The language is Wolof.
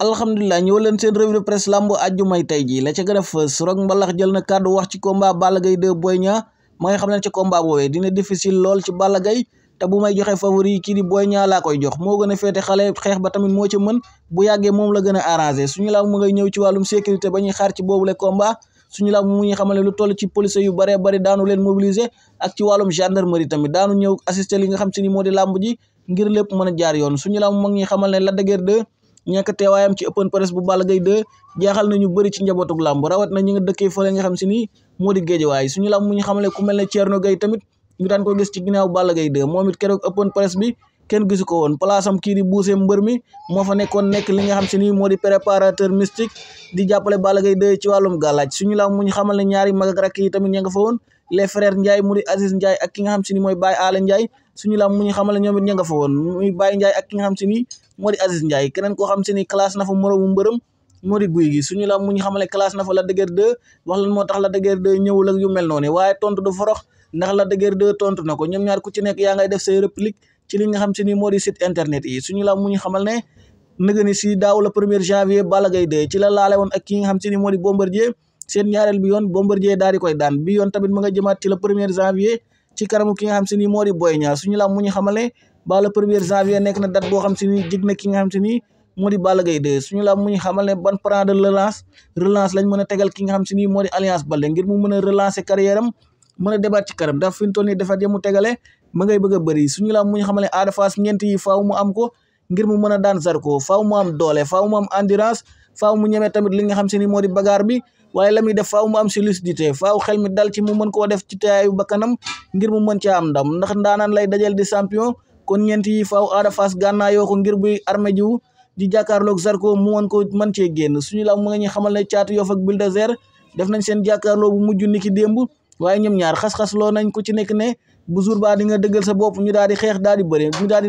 alhamdulilah ñëw leen seen revue de presse lamb ajjumay tey ji la ca gën a fës Rock Mbalax jël na kàddu wax ci combat Balla Gaye 2 Boy Niang ma nga xam ne ci combat boobee dina difficile lool ci Balla Gaye te bu may joxe favori yi kii di Boy ñaa laa koy jox moo gën a féete xale xeex ba tamit moo ci mën bu yàggee moom la gën a arrangé suñu lamb mu ngay ñëw ci wàllum sécurité ba ñuy xaar ci boobule combat suñu lamb mu ñuy xamal ne lu toll ci police yu baree bari daanu leen mobiliser ak ci wàllum gendarmerie tamit daanu ñëw assister li nga xam si ni moo di lamb ji ngir lépp mën a jaar yoon suñu lamb mag ñuy xamal ne la dëgër de ñàkk teewaayam ci ëppan press bu Balla Gaye 2 jaaxal nañu bëri ci njabootug làmb rawat na ñi nga dëkkee fële nga xam si nii moo di géejawaay suñu lam mu ñu xamale ku mel ne Thierno Gaye tamit ñu daan ko gis ci ginnaaw Balla Gaye 2 moom it keroog open press bi kenn gisu ko woon place am kii di buuse mbër moo fa nekkoon nekk li nga xam si ni moo di préparateur mystique di jàppale Balla Gaye 2 ci wàllum gàllaaj suñu la muñ xamal ne ñaari mag ak rakk yi tamit ña nga fa woon les frères Ndiaye mu di Aziz Ndiaye ak ki nga xam si ni mooy Baye Alé Ndiaye muñ xamal ne ñoom fa woon muy Baye Ndiaye ak ki xam si ni moo di Aziz Ndiaye keneen xam si ni classe na fa moroomu mbërëm moo di guy gi ñu la muñ xamal ne na fa Lac de Guiers 2 wax lan moo tax Lac de Guiers 2 ñëwul ak yu waaye tontu du forox ndax Lac de Guiers ko ñoom ñaar ku ci nekk yaa ngay def ci li nga xam te ni moo di site internet yi suñu la mu ñu xamal ne nëga ni si daaw la premier janvier Balla Gaye ci la laale woon ak ki nga xam te ni moo di Bombardier seen ñaareel bi yoon Bombardier di koy daan bi yoon tamit ma nga jëmaat ci la premier janvier ci kanamu ki nga xam te ni moo di Boy Niang suñu la mu ñu xamal ne premier janvier nekk na date boo xam te ni jig na ki nga xam te ni moo di Balla Gaye 2 suñu la mu ñu xamal ne ban plan de relance relance lañ mën a tegal ki nga xam te ni moo di Alliance Baldé ngir mu mën a relancer carrière am mën a débat ci karam dafa fi mu ma ngay bëgg a bëri suñu làmb mu ñu xamal ne Ada Fass ñent yi faaw mu am ko ngir mu mën a daan Zarko faaw mu am doole faaw mu am endurance faaw mu ñemee tamit li nga xam se ni moo di bagaar bi waaye la muy def faaw mu am si lucidité faaw xel mi dal ci mu mën koo def ci teyaayu bakkanam ngir mu mën caa am ndam ndax ndaanaan lay dajal de champion kon ñent yi faaw Ada Fass gànnaayoo ko ngir buy armé jiw di jàkkaarloog Zarko mu mën ko mën cee génn suñu làmb mu ñu xamal ne caatu Yoff ak Bulldozer def nañ seen jàkkaarloo bu mujj niki démb waaye ñoom ñaar xas-xas loo nañ ku ci nekk ne bu jour ba di nga dëggal sa bopp ñu daal di xeex daal di bëri daal di def